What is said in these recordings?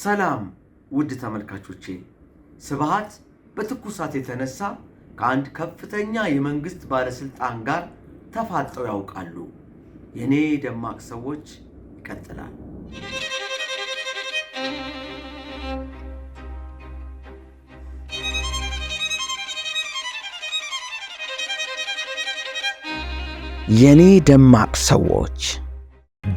ሰላም ውድ ተመልካቾቼ፣ ስብሃት በትኩሳት የተነሳ ከአንድ ከፍተኛ የመንግስት ባለስልጣን ጋር ተፋጠው ያውቃሉ። የኔ ደማቅ ሰዎች ይቀጥላል። የኔ ደማቅ ሰዎች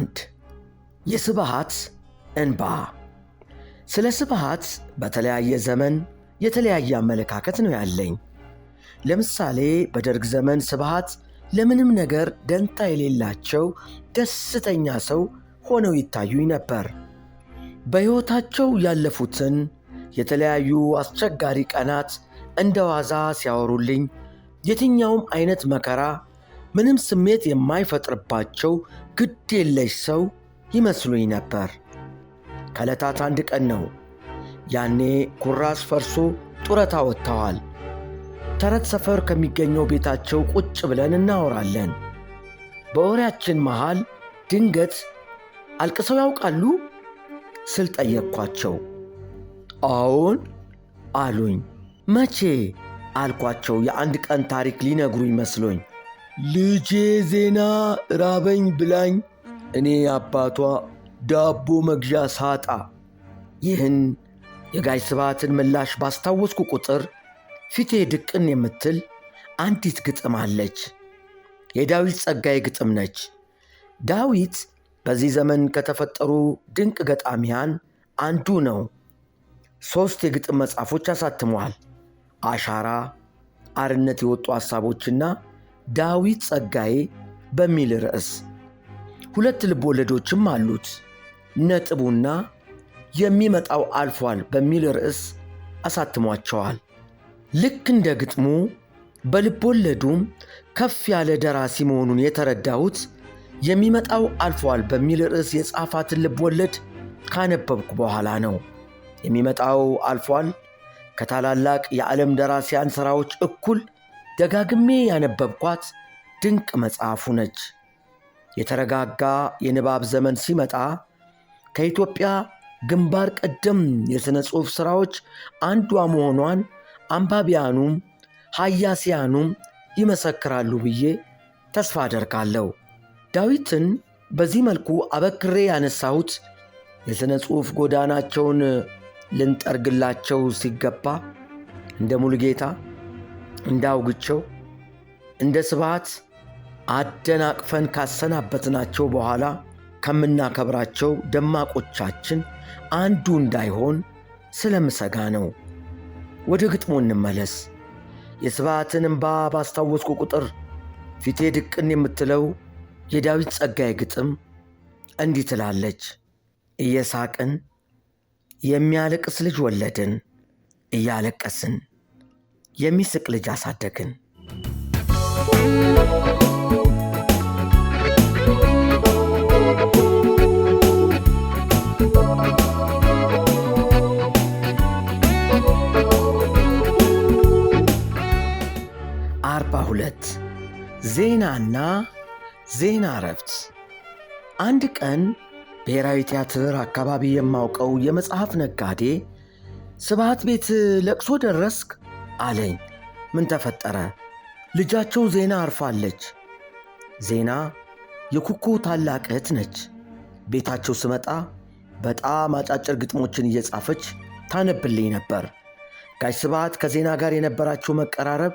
አንድ የስብሃት እንባ ስለ ስብሃት በተለያየ ዘመን የተለያየ አመለካከት ነው ያለኝ። ለምሳሌ በደርግ ዘመን ስብሃት ለምንም ነገር ደንታ የሌላቸው ደስተኛ ሰው ሆነው ይታዩኝ ነበር። በሕይወታቸው ያለፉትን የተለያዩ አስቸጋሪ ቀናት እንደ ዋዛ ሲያወሩልኝ የትኛውም አይነት መከራ ምንም ስሜት የማይፈጥርባቸው ግድ የለሽ ሰው ይመስሉኝ ነበር። ከዕለታት አንድ ቀን ነው። ያኔ ኩራዝ ፈርሶ ጡረታ ወጥተዋል። ተረት ሰፈር ከሚገኘው ቤታቸው ቁጭ ብለን እናወራለን። በወሬያችን መሃል ድንገት አልቅሰው ያውቃሉ ስል ጠየቅኳቸው። አዎን አሉኝ። መቼ አልኳቸው። የአንድ ቀን ታሪክ ሊነግሩኝ መስሎኝ ልጄ ዜና ራበኝ ብላኝ እኔ አባቷ ዳቦ መግዣ ሳጣ ይህን የጋሽ ስባትን ምላሽ ባስታወስኩ ቁጥር ፊቴ ድቅን የምትል አንዲት ግጥም አለች። የዳዊት ጸጋዬ ግጥም ነች። ዳዊት በዚህ ዘመን ከተፈጠሩ ድንቅ ገጣሚያን አንዱ ነው። ሦስት የግጥም መጽሐፎች አሳትመዋል። አሻራ፣ አርነት የወጡ ሐሳቦችና ዳዊት ጸጋዬ በሚል ርዕስ ሁለት ልብ ወለዶችም አሉት። ነጥቡና የሚመጣው አልፏል በሚል ርዕስ አሳትሟቸዋል። ልክ እንደ ግጥሙ በልብ ወለዱም ከፍ ያለ ደራሲ መሆኑን የተረዳሁት የሚመጣው አልፏል በሚል ርዕስ የጻፋትን ልብ ወለድ ካነበብኩ በኋላ ነው። የሚመጣው አልፏል ከታላላቅ የዓለም ደራሲያን ሥራዎች እኩል ደጋግሜ ያነበብኳት ድንቅ መጽሐፉ ነች። የተረጋጋ የንባብ ዘመን ሲመጣ ከኢትዮጵያ ግንባር ቀደም የሥነ ጽሑፍ ሥራዎች አንዷ መሆኗን አንባቢያኑም ሐያሲያኑም ይመሰክራሉ ብዬ ተስፋ አደርጋለሁ። ዳዊትን በዚህ መልኩ አበክሬ ያነሳሁት የሥነ ጽሑፍ ጎዳናቸውን ልንጠርግላቸው ሲገባ እንደ ሙሉጌታ እንዳውግቸው እንደ ስብሃት አደናቅፈን ካሰናበትናቸው በኋላ ከምናከብራቸው ደማቆቻችን አንዱ እንዳይሆን ስለምሰጋ ነው። ወደ ግጥሙ እንመለስ። የስብሃትን እምባ ባስታወስኩ ቁጥር ፊቴ ድቅን የምትለው የዳዊት ጸጋዬ ግጥም እንዲህ ትላለች። እየሳቅን የሚያለቅስ ልጅ ወለድን እያለቀስን የሚስቅ ልጅ አሳደግን። አርባ ሁለት ዜናና ዜና እረፍት። አንድ ቀን ብሔራዊ ቲያትር አካባቢ የማውቀው የመጽሐፍ ነጋዴ ስብሐት ቤት ለቅሶ ደረስክ አለኝ። ምን ተፈጠረ? ልጃቸው ዜና አርፋለች። ዜና የኩኩ ታላቅ እህት ነች። ቤታቸው ስመጣ በጣም አጫጭር ግጥሞችን እየጻፈች ታነብልኝ ነበር። ጋሽ ስብዓት ከዜና ጋር የነበራቸው መቀራረብ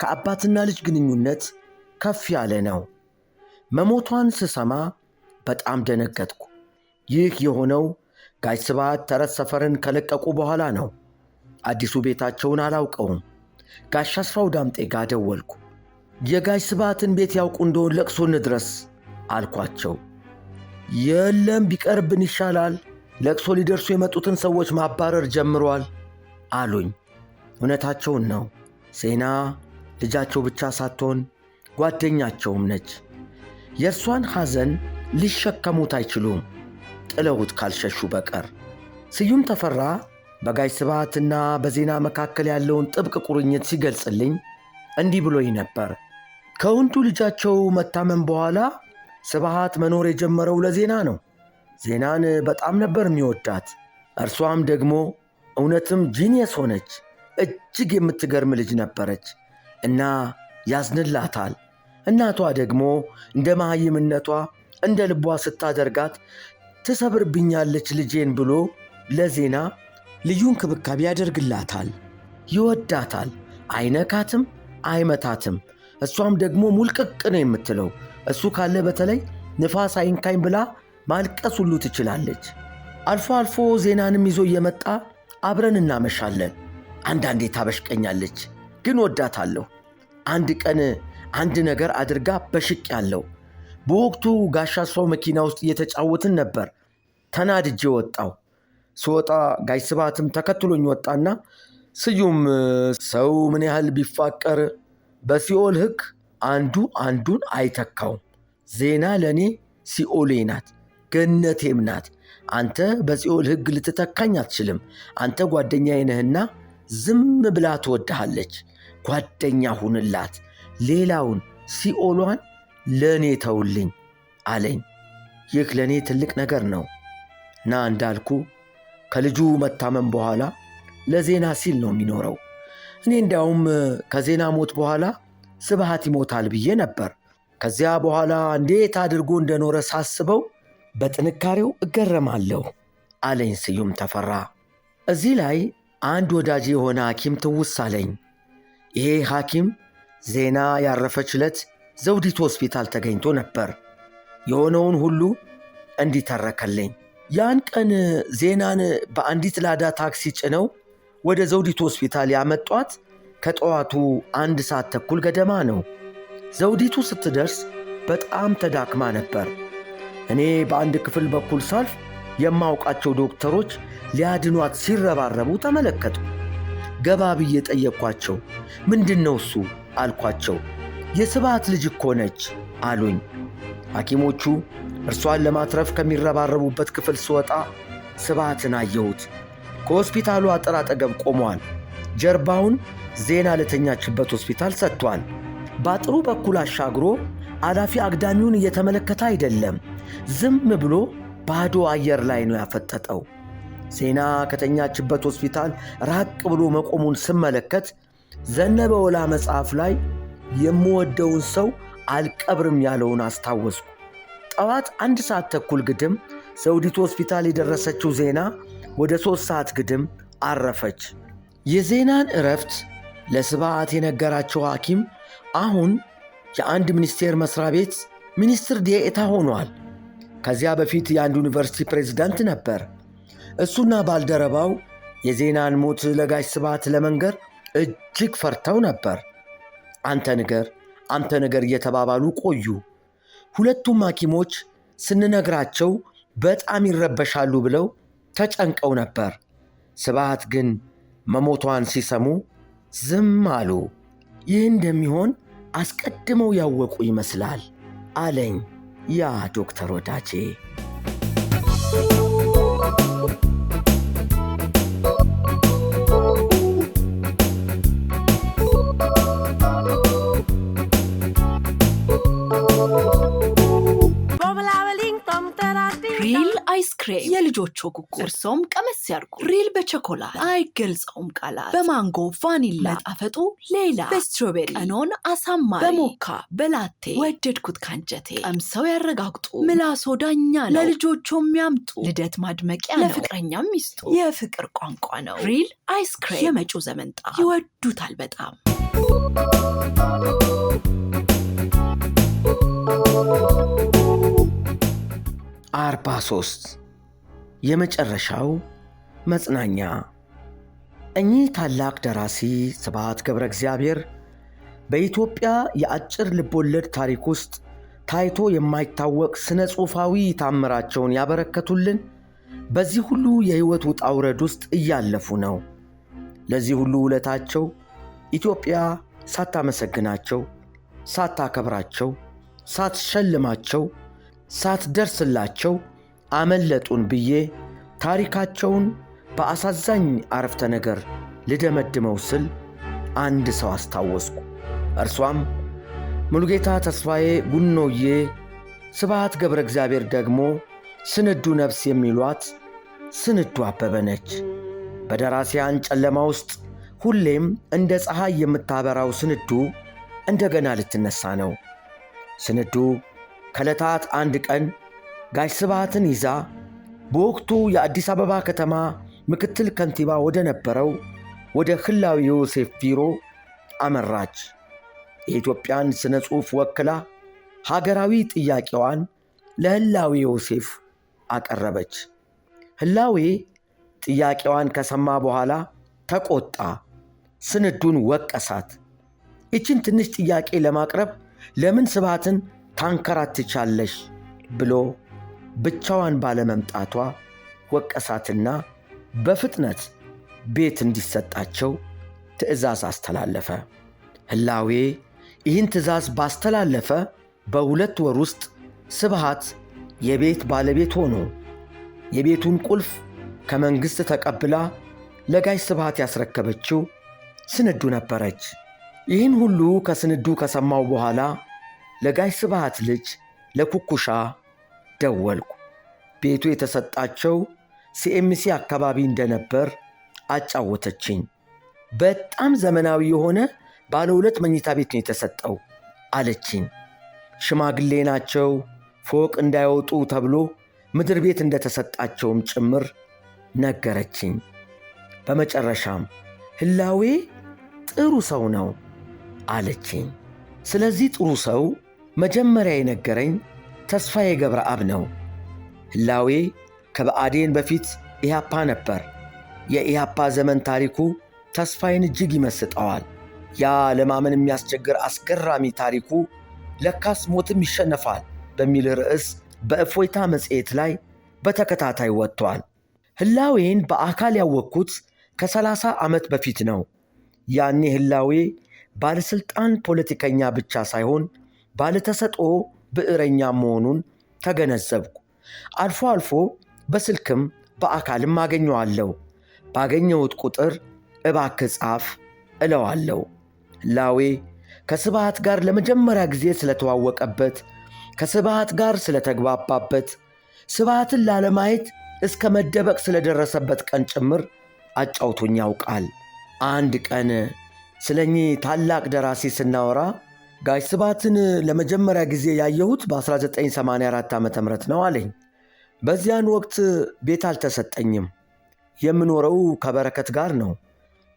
ከአባትና ልጅ ግንኙነት ከፍ ያለ ነው። መሞቷን ስሰማ በጣም ደነገጥኩ። ይህ የሆነው ጋሽ ስብዓት ተረት ሰፈርን ከለቀቁ በኋላ ነው። አዲሱ ቤታቸውን አላውቀውም። ጋሽ አስፋው ዳምጤ ጋ ደወልኩ። የጋሽ ስባትን ቤት ያውቁ እንደሆን ለቅሶ እንድረስ አልኳቸው። የለም ቢቀርብን ይሻላል፣ ለቅሶ ሊደርሱ የመጡትን ሰዎች ማባረር ጀምሯል አሉኝ። እውነታቸውን ነው። ሴና ልጃቸው ብቻ ሳትሆን ጓደኛቸውም ነች። የእርሷን ሐዘን ሊሸከሙት አይችሉም ጥለውት ካልሸሹ በቀር። ስዩም ተፈራ በጋሽ ስብሃትና በዜና መካከል ያለውን ጥብቅ ቁርኝት ሲገልጽልኝ እንዲህ ብሎኝ ነበር። ከወንዱ ልጃቸው መታመን በኋላ ስብሃት መኖር የጀመረው ለዜና ነው። ዜናን በጣም ነበር የሚወዳት። እርሷም ደግሞ እውነትም ጂኒየስ ሆነች። እጅግ የምትገርም ልጅ ነበረች እና ያዝንላታል። እናቷ ደግሞ እንደ መሐይምነቷ እንደ ልቧ ስታደርጋት ትሰብርብኛለች ልጄን ብሎ ለዜና ልዩ እንክብካቤ ያደርግላታል፣ ይወዳታል፣ አይነካትም፣ አይመታትም። እሷም ደግሞ ሙልቅቅ ነው የምትለው። እሱ ካለ በተለይ ንፋስ አይንካኝ ብላ ማልቀስ ሁሉ ትችላለች። አልፎ አልፎ ዜናንም ይዞ እየመጣ አብረን እናመሻለን። አንዳንዴ ታበሽቀኛለች፣ ግን ወዳታለሁ። አንድ ቀን አንድ ነገር አድርጋ በሽቅ ያለው በወቅቱ ጋሻ ሰው መኪና ውስጥ እየተጫወትን ነበር። ተናድጄ ወጣው። ስወጣ ጋሽ ስብሃትም ተከትሎኝ ወጣና ስዩም ሰው ምን ያህል ቢፋቀር በሲኦል ሕግ አንዱ አንዱን አይተካውም። ዜና ለእኔ ሲኦሌ ናት፣ ገነቴም ናት። አንተ በሲኦል ሕግ ልትተካኝ አትችልም። አንተ ጓደኛዬ ነህና ዝም ብላ ትወድሃለች። ጓደኛ ሁንላት፣ ሌላውን ሲኦሏን ለእኔ ተውልኝ አለኝ። ይህ ለእኔ ትልቅ ነገር ነው ና እንዳልኩ ከልጁ መታመም በኋላ ለዜና ሲል ነው የሚኖረው። እኔ እንዲያውም ከዜና ሞት በኋላ ስብሃት ይሞታል ብዬ ነበር። ከዚያ በኋላ እንዴት አድርጎ እንደኖረ ሳስበው በጥንካሬው እገረማለሁ አለኝ ስዩም ተፈራ። እዚህ ላይ አንድ ወዳጅ የሆነ ሐኪም ትውስ አለኝ። ይሄ ሐኪም ዜና ያረፈች ዕለት ዘውዲቱ ሆስፒታል ተገኝቶ ነበር። የሆነውን ሁሉ እንዲተረከልኝ ያን ቀን ዜናን በአንዲት ላዳ ታክሲ ጭነው ወደ ዘውዲቱ ሆስፒታል ያመጧት ከጠዋቱ አንድ ሰዓት ተኩል ገደማ ነው። ዘውዲቱ ስትደርስ በጣም ተዳክማ ነበር። እኔ በአንድ ክፍል በኩል ሳልፍ የማውቃቸው ዶክተሮች ሊያድኗት ሲረባረቡ ተመለከቱ። ገባ ብዬ ጠየቅኳቸው። ምንድን ነው እሱ አልኳቸው። የስባት ልጅ እኮ ነች አሉኝ። ሐኪሞቹ እርሷን ለማትረፍ ከሚረባረቡበት ክፍል ስወጣ ስባትን አየሁት። ከሆስፒታሉ አጥር አጠገብ ቆሟል። ጀርባውን ዜና ለተኛችበት ሆስፒታል ሰጥቷል። በአጥሩ በኩል አሻግሮ አላፊ አግዳሚውን እየተመለከተ አይደለም፣ ዝም ብሎ ባዶ አየር ላይ ነው ያፈጠጠው። ዜና ከተኛችበት ሆስፒታል ራቅ ብሎ መቆሙን ስመለከት ዘነበ ወላ መጽሐፍ ላይ የምወደውን ሰው አልቀብርም ያለውን አስታወስኩ። ጠዋት አንድ ሰዓት ተኩል ግድም ዘውዲቱ ሆስፒታል የደረሰችው ዜና ወደ ሦስት ሰዓት ግድም አረፈች። የዜናን እረፍት ለስብዓት የነገራቸው ሐኪም አሁን የአንድ ሚኒስቴር መስሪያ ቤት ሚኒስትር ዴኤታ ሆኗል። ከዚያ በፊት የአንድ ዩኒቨርሲቲ ፕሬዚዳንት ነበር። እሱና ባልደረባው የዜናን ሞት ለጋሽ ስብዓት ለመንገር እጅግ ፈርተው ነበር። አንተ ንገር አንተ ነገር እየተባባሉ ቆዩ። ሁለቱም ሐኪሞች ስንነግራቸው በጣም ይረበሻሉ ብለው ተጨንቀው ነበር። ስብሐት ግን መሞቷን ሲሰሙ ዝም አሉ። ይህ እንደሚሆን አስቀድመው ያወቁ ይመስላል አለኝ ያ ዶክተር ወዳጄ። ልጆቹ እርሶም ቀመስ ያርጉ። ሪል በቸኮላት አይገልጸውም ቃላት። በማንጎ ቫኒላ መጣፈጡ ሌላ በስትሮቤሪ ቀኖን አሳማሪ በሞካ በላቴ ወደድኩት ካንጀቴ። ቀምሰው ያረጋግጡ ምላሶ ዳኛ ነው። ለልጆቹ የሚያምጡ ልደት ማድመቂያ ነው። ለፍቅረኛ ሚስቱ የፍቅር ቋንቋ ነው። ሪል አይስክሬም የመጪው ጣ ይወዱታል በጣም። አርባ ሶስት የመጨረሻው መጽናኛ እኚህ ታላቅ ደራሲ ስብሐት ገብረ እግዚአብሔር በኢትዮጵያ የአጭር ልቦለድ ታሪክ ውስጥ ታይቶ የማይታወቅ ሥነ ጽሑፋዊ ታምራቸውን ያበረከቱልን በዚህ ሁሉ የሕይወት ውጣ ውረድ ውስጥ እያለፉ ነው። ለዚህ ሁሉ ውለታቸው ኢትዮጵያ ሳታመሰግናቸው፣ ሳታከብራቸው፣ ሳትሸልማቸው፣ ሳትደርስላቸው አመለጡን ብዬ ታሪካቸውን በአሳዛኝ አረፍተ ነገር ልደመድመው ስል አንድ ሰው አስታወስኩ። እርሷም ሙሉጌታ ተስፋዬ ጉኖዬ፣ ስብሐት ገብረ እግዚአብሔር ደግሞ ስንዱ ነፍስ የሚሏት ስንዱ አበበ ነች። በደራሲያን ጨለማ ውስጥ ሁሌም እንደ ፀሐይ የምታበራው ስንዱ እንደገና ልትነሣ ነው። ስንዱ ከዕለታት አንድ ቀን ጋሽ ስብሃትን ይዛ በወቅቱ የአዲስ አበባ ከተማ ምክትል ከንቲባ ወደ ነበረው ወደ ህላዊ ዮሴፍ ቢሮ አመራች። የኢትዮጵያን ስነ ጽሑፍ ወክላ ሀገራዊ ጥያቄዋን ለህላዊ ዮሴፍ አቀረበች። ህላዌ ጥያቄዋን ከሰማ በኋላ ተቆጣ፣ ስንዱን ወቀሳት። ይችን ትንሽ ጥያቄ ለማቅረብ ለምን ስብሃትን ታንከራትቻለሽ ብሎ ብቻዋን ባለመምጣቷ ወቀሳትና በፍጥነት ቤት እንዲሰጣቸው ትእዛዝ አስተላለፈ። ህላዌ ይህን ትእዛዝ ባስተላለፈ በሁለት ወር ውስጥ ስብሃት የቤት ባለቤት ሆኖ የቤቱን ቁልፍ ከመንግሥት ተቀብላ ለጋሽ ስብሃት ያስረከበችው ስንዱ ነበረች። ይህን ሁሉ ከስንዱ ከሰማው በኋላ ለጋሽ ስብሃት ልጅ ለኩኩሻ ደወልኩ። ቤቱ የተሰጣቸው ሲኤምሲ አካባቢ እንደነበር አጫወተችኝ። በጣም ዘመናዊ የሆነ ባለ ሁለት መኝታ ቤት ነው የተሰጠው አለችኝ። ሽማግሌ ናቸው፣ ፎቅ እንዳይወጡ ተብሎ ምድር ቤት እንደተሰጣቸውም ጭምር ነገረችኝ። በመጨረሻም ህላዌ ጥሩ ሰው ነው አለችኝ። ስለዚህ ጥሩ ሰው መጀመሪያ የነገረኝ ተስፋዬ ገብረአብ ነው። ህላዌ ከብአዴን በፊት ኢህአፓ ነበር። የኢህአፓ ዘመን ታሪኩ ተስፋዬን እጅግ ይመስጠዋል። ያ ለማመን የሚያስቸግር አስገራሚ ታሪኩ ለካስ ሞትም ይሸነፋል በሚል ርዕስ በእፎይታ መጽሔት ላይ በተከታታይ ወጥቷል። ህላዌን በአካል ያወቅኩት ከሰላሳ ዓመት በፊት ነው። ያኔ ህላዌ ባለሥልጣን ፖለቲከኛ ብቻ ሳይሆን ባለተሰጦ ብዕረኛ መሆኑን ተገነዘብኩ። አልፎ አልፎ በስልክም በአካልም አገኘዋለሁ። ባገኘሁት ቁጥር እባክህ ጻፍ እለዋለሁ። ላዌ ከስብሃት ጋር ለመጀመሪያ ጊዜ ስለተዋወቀበት፣ ከስብሃት ጋር ስለተግባባበት፣ ስብሃትን ላለማየት እስከ መደበቅ ስለደረሰበት ቀን ጭምር አጫውቶኝ ያውቃል። አንድ ቀን ስለ እኚህ ታላቅ ደራሲ ስናወራ ጋሽ ስብሐትን ለመጀመሪያ ጊዜ ያየሁት በ1984 ዓ ም ነው አለኝ። በዚያን ወቅት ቤት አልተሰጠኝም። የምኖረው ከበረከት ጋር ነው።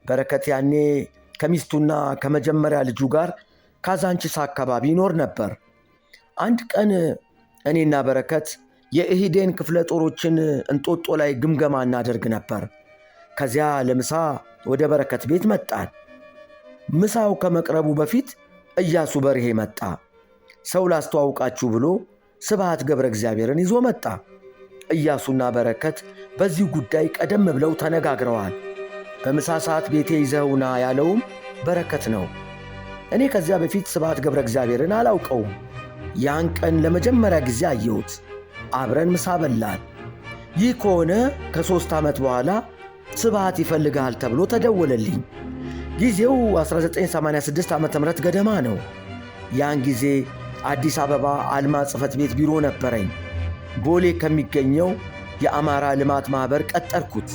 በረከት ያኔ ከሚስቱና ከመጀመሪያ ልጁ ጋር ካዛንችስ አካባቢ ይኖር ነበር። አንድ ቀን እኔና በረከት የእህዴን ክፍለ ጦሮችን እንጦጦ ላይ ግምገማ እናደርግ ነበር። ከዚያ ለምሳ ወደ በረከት ቤት መጣን። ምሳው ከመቅረቡ በፊት ኢያሱ በርሄ መጣ። ሰው ላስተዋውቃችሁ ብሎ ስብሃት ገብረ እግዚአብሔርን ይዞ መጣ። ኢያሱና በረከት በዚህ ጉዳይ ቀደም ብለው ተነጋግረዋል። በምሳ ሰዓት ቤቴ ይዘውና ያለውም በረከት ነው። እኔ ከዚያ በፊት ስብሃት ገብረ እግዚአብሔርን አላውቀውም። ያን ቀን ለመጀመሪያ ጊዜ አየሁት። አብረን ምሳ በላን። ይህ ከሆነ ከሦስት ዓመት በኋላ ስብሃት ይፈልግሃል ተብሎ ተደወለልኝ። ጊዜው 1986 ዓ ም ገደማ ነው። ያን ጊዜ አዲስ አበባ አልማ ጽህፈት ቤት ቢሮ ነበረኝ። ቦሌ ከሚገኘው የአማራ ልማት ማኅበር ቀጠርኩት።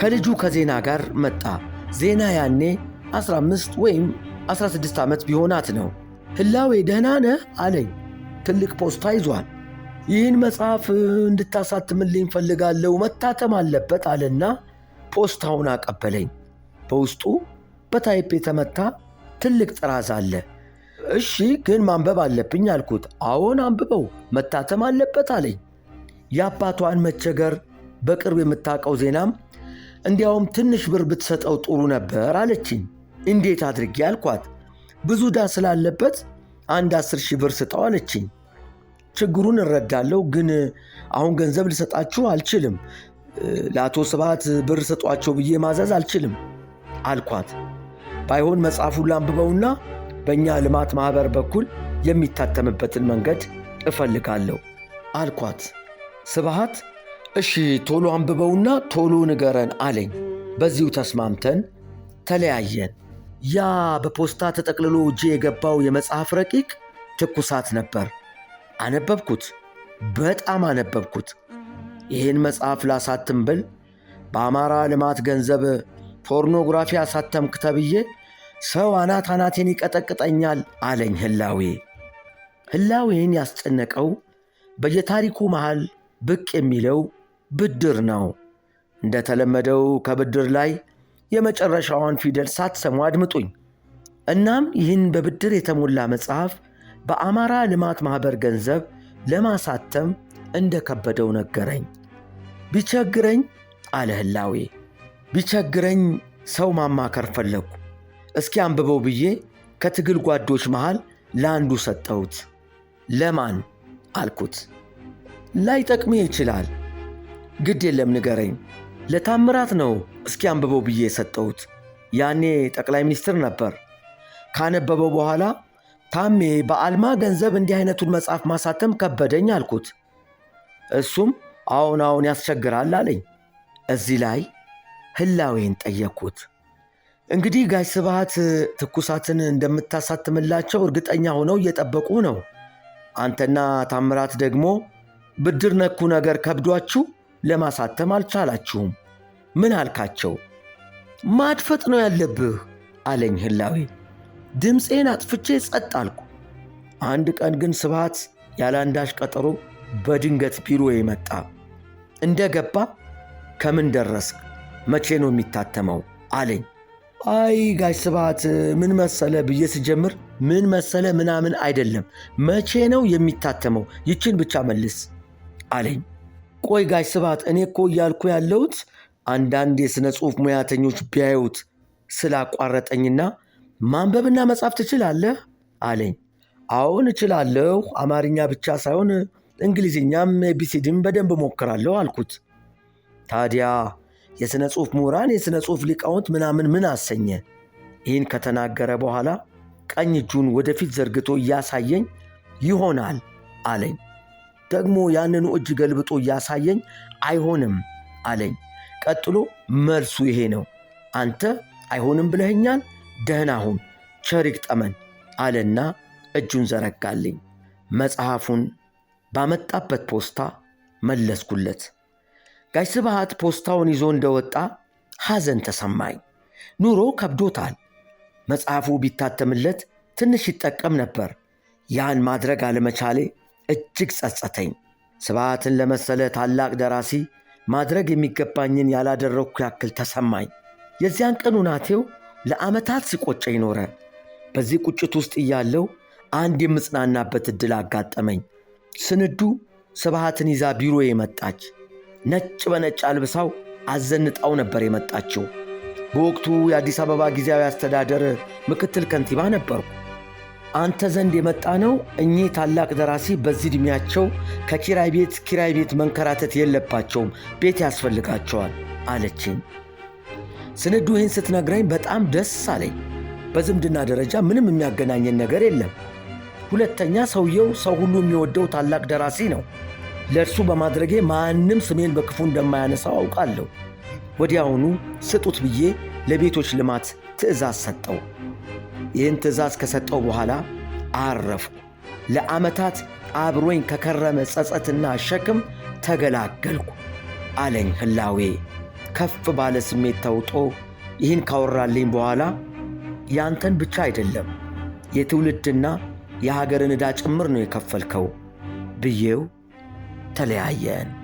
ከልጁ ከዜና ጋር መጣ። ዜና ያኔ 15 ወይም 16 ዓመት ቢሆናት ነው። ህላዌ ደህና ነህ አለኝ። ትልቅ ፖስታ ይዟል። ይህን መጽሐፍ እንድታሳትምልኝ ፈልጋለሁ፣ መታተም አለበት አለና ፖስታውን አቀበለኝ። በውስጡ በታይፕ የተመታ ትልቅ ጥራዝ አለ። እሺ ግን ማንበብ አለብኝ አልኩት። አዎን አንብበው መታተም አለበት አለኝ። የአባቷን መቸገር በቅርብ የምታውቀው ዜናም እንዲያውም ትንሽ ብር ብትሰጠው ጥሩ ነበር አለችኝ። እንዴት አድርጌ አልኳት። ብዙ ዕዳ ስላለበት አንድ አስር ሺህ ብር ስጠው አለችኝ። ችግሩን እረዳለሁ፣ ግን አሁን ገንዘብ ልሰጣችሁ አልችልም። ለአቶ ስባት ብር ስጧቸው ብዬ ማዘዝ አልችልም አልኳት። ባይሆን መጽሐፉን ላንብበውና በእኛ ልማት ማኅበር በኩል የሚታተምበትን መንገድ እፈልጋለሁ አልኳት። ስብሃት እሺ ቶሎ አንብበውና ቶሎ ንገረን አለኝ። በዚሁ ተስማምተን ተለያየን። ያ በፖስታ ተጠቅልሎ እጄ የገባው የመጽሐፍ ረቂቅ ትኩሳት ነበር። አነበብኩት፣ በጣም አነበብኩት። ይህን መጽሐፍ ላሳትም ብል በአማራ ልማት ገንዘብ ፖርኖግራፊ አሳተምክ ተብዬ ሰው አናት አናቴን ይቀጠቅጠኛል አለኝ ህላዌ። ህላዌን ያስጨነቀው በየታሪኩ መሃል ብቅ የሚለው ብድር ነው። እንደተለመደው ከብድር ላይ የመጨረሻዋን ፊደል ሳትሰሙ አድምጡኝ። እናም ይህን በብድር የተሞላ መጽሐፍ በአማራ ልማት ማኅበር ገንዘብ ለማሳተም እንደከበደው ነገረኝ። ቢቸግረኝ አለ ህላዌ ቢቸግረኝ ሰው ማማከር ፈለግኩ። እስኪ አንብበው ብዬ ከትግል ጓዶች መሃል ለአንዱ ሰጠሁት። ለማን አልኩት። ላይጠቅሜ ይችላል። ግድ የለም ንገረኝ። ለታምራት ነው እስኪ አንብበው ብዬ የሰጠሁት። ያኔ ጠቅላይ ሚኒስትር ነበር። ካነበበው በኋላ ታሜ በአልማ ገንዘብ እንዲህ አይነቱን መጽሐፍ ማሳተም ከበደኝ አልኩት። እሱም አሁን አሁን ያስቸግራል አለኝ። እዚህ ላይ ህላዌን ጠየቅኩት። እንግዲህ ጋሽ ስብሃት ትኩሳትን እንደምታሳትምላቸው እርግጠኛ ሆነው እየጠበቁ ነው። አንተና ታምራት ደግሞ ብድር ነኩ ነገር ከብዷችሁ ለማሳተም አልቻላችሁም። ምን አልካቸው? ማድፈጥ ነው ያለብህ አለኝ ህላዌ። ድምፄን አጥፍቼ ጸጥ አልኩ። አንድ ቀን ግን ስብሃት ያለ አንዳች ቀጠሮ በድንገት ቢሮ መጣ። እንደ ገባ ከምን ደረስክ መቼ ነው የሚታተመው አለኝ። አይ ጋሽ ስብሐት ምን መሰለ ብዬ ስጀምር ምን መሰለ ምናምን አይደለም፣ መቼ ነው የሚታተመው ይችን ብቻ መልስ አለኝ። ቆይ ጋሽ ስብሐት እኔ እኮ እያልኩ ያለሁት አንዳንድ የሥነ ጽሑፍ ሙያተኞች ቢያዩት ስላቋረጠኝና ማንበብና መጻፍ ትችላለህ አለኝ። አሁን እችላለሁ፣ አማርኛ ብቻ ሳይሆን እንግሊዝኛም ኤቢሲዲም በደንብ ሞክራለሁ አልኩት። ታዲያ የሥነ ጽሑፍ ምሁራን፣ የሥነ ጽሑፍ ሊቃውንት ምናምን ምን አሰኘ። ይህን ከተናገረ በኋላ ቀኝ እጁን ወደፊት ዘርግቶ እያሳየኝ ይሆናል አለኝ። ደግሞ ያንኑ እጅ ገልብጦ እያሳየኝ አይሆንም አለኝ። ቀጥሎ መልሱ ይሄ ነው። አንተ አይሆንም ብለህኛል፣ ደህና ሁን፣ ቸሪክ ጠመን አለና እጁን ዘረጋልኝ። መጽሐፉን ባመጣበት ፖስታ መለስኩለት። ጋሽ ስብሃት ፖስታውን ይዞ እንደወጣ ሐዘን ተሰማኝ። ኑሮ ከብዶታል። መጽሐፉ ቢታተምለት ትንሽ ይጠቀም ነበር። ያን ማድረግ አለመቻሌ እጅግ ጸጸተኝ። ስብሃትን ለመሰለ ታላቅ ደራሲ ማድረግ የሚገባኝን ያላደረግኩ ያክል ተሰማኝ። የዚያን ቀኑ ናቴው ለዓመታት ሲቆጨ ይኖረ። በዚህ ቁጭት ውስጥ እያለው አንድ የምጽናናበት ዕድል አጋጠመኝ። ስንዱ ስብሃትን ይዛ ቢሮዬ መጣች። ነጭ በነጭ አልብሳው አዘንጣው ነበር የመጣችው። በወቅቱ የአዲስ አበባ ጊዜያዊ አስተዳደር ምክትል ከንቲባ ነበሩ። አንተ ዘንድ የመጣ ነው። እኚህ ታላቅ ደራሲ በዚህ ዕድሜያቸው ከኪራይ ቤት ኪራይ ቤት መንከራተት የለባቸውም፣ ቤት ያስፈልጋቸዋል አለችኝ። ስንዱ ይህን ስትነግረኝ በጣም ደስ አለኝ። በዝምድና ደረጃ ምንም የሚያገናኘን ነገር የለም። ሁለተኛ ሰውየው ሰው ሁሉ የሚወደው ታላቅ ደራሲ ነው። ለእርሱ በማድረጌ ማንም ስሜን በክፉ እንደማያነሳው አውቃለሁ። ወዲያውኑ ስጡት ብዬ ለቤቶች ልማት ትእዛዝ ሰጠው። ይህን ትእዛዝ ከሰጠው በኋላ አረፉ ለዓመታት አብሮኝ ከከረመ ጸጸትና ሸክም ተገላገልኩ አለኝ ህላዌ ከፍ ባለ ስሜት ተውጦ። ይህን ካወራልኝ በኋላ ያንተን ብቻ አይደለም የትውልድና የሀገርን ዕዳ ጭምር ነው የከፈልከው ብዬው حتى لعيان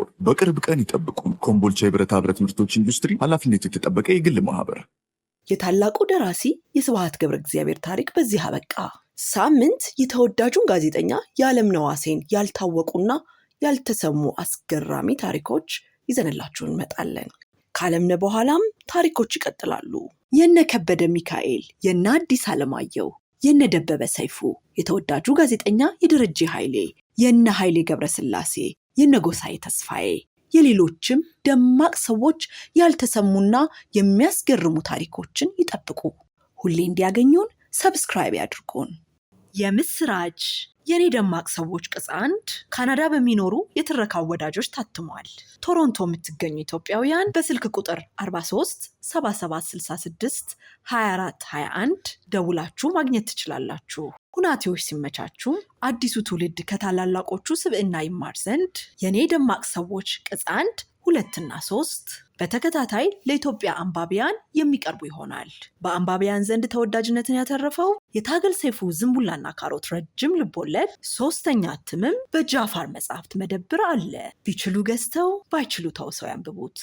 ጦር በቅርብ ቀን ይጠብቁ ኮምቦልቻ የብረታ ብረት ምርቶች ኢንዱስትሪ ኃላፊነት የተጠበቀ የግል ማህበር። የታላቁ ደራሲ የስብሐት ገብረ እግዚአብሔር ታሪክ በዚህ አበቃ። ሳምንት የተወዳጁን ጋዜጠኛ የዓለምነህ ዋሴን ያልታወቁና ያልተሰሙ አስገራሚ ታሪኮች ይዘንላችሁ እንመጣለን። ከዓለምነህ በኋላም ታሪኮች ይቀጥላሉ። የነ ከበደ ሚካኤል፣ የነ አዲስ አለማየሁ፣ የነ ደበበ ሰይፉ፣ የተወዳጁ ጋዜጠኛ የደረጀ ኃይሌ፣ የነ ኃይሌ ገብረስላሴ የነጎሳዬ ተስፋዬ የሌሎችም ደማቅ ሰዎች ያልተሰሙና የሚያስገርሙ ታሪኮችን ይጠብቁ። ሁሌ እንዲያገኙን ሰብስክራይብ ያድርጉን። የምስራች የኔ ደማቅ ሰዎች ቅጽ አንድ ካናዳ በሚኖሩ የትረካ ወዳጆች ታትሟል። ቶሮንቶ የምትገኙ ኢትዮጵያውያን በስልክ ቁጥር 43 7766 2421 ደውላችሁ ማግኘት ትችላላችሁ። ሁናቴዎች ሲመቻቹ አዲሱ ትውልድ ከታላላቆቹ ስብዕና ይማር ዘንድ የኔ ደማቅ ሰዎች ቅጽ አንድ ሁለትና ሶስት በተከታታይ ለኢትዮጵያ አንባቢያን የሚቀርቡ ይሆናል። በአንባቢያን ዘንድ ተወዳጅነትን ያተረፈው የታገል ሰይፉ ዝንቡላና ካሮት ረጅም ልቦለድ ሶስተኛ እትምም በጃፋር መጽሐፍት መደብር አለ። ቢችሉ ገዝተው ባይችሉ ተውሰው ያንብቡት።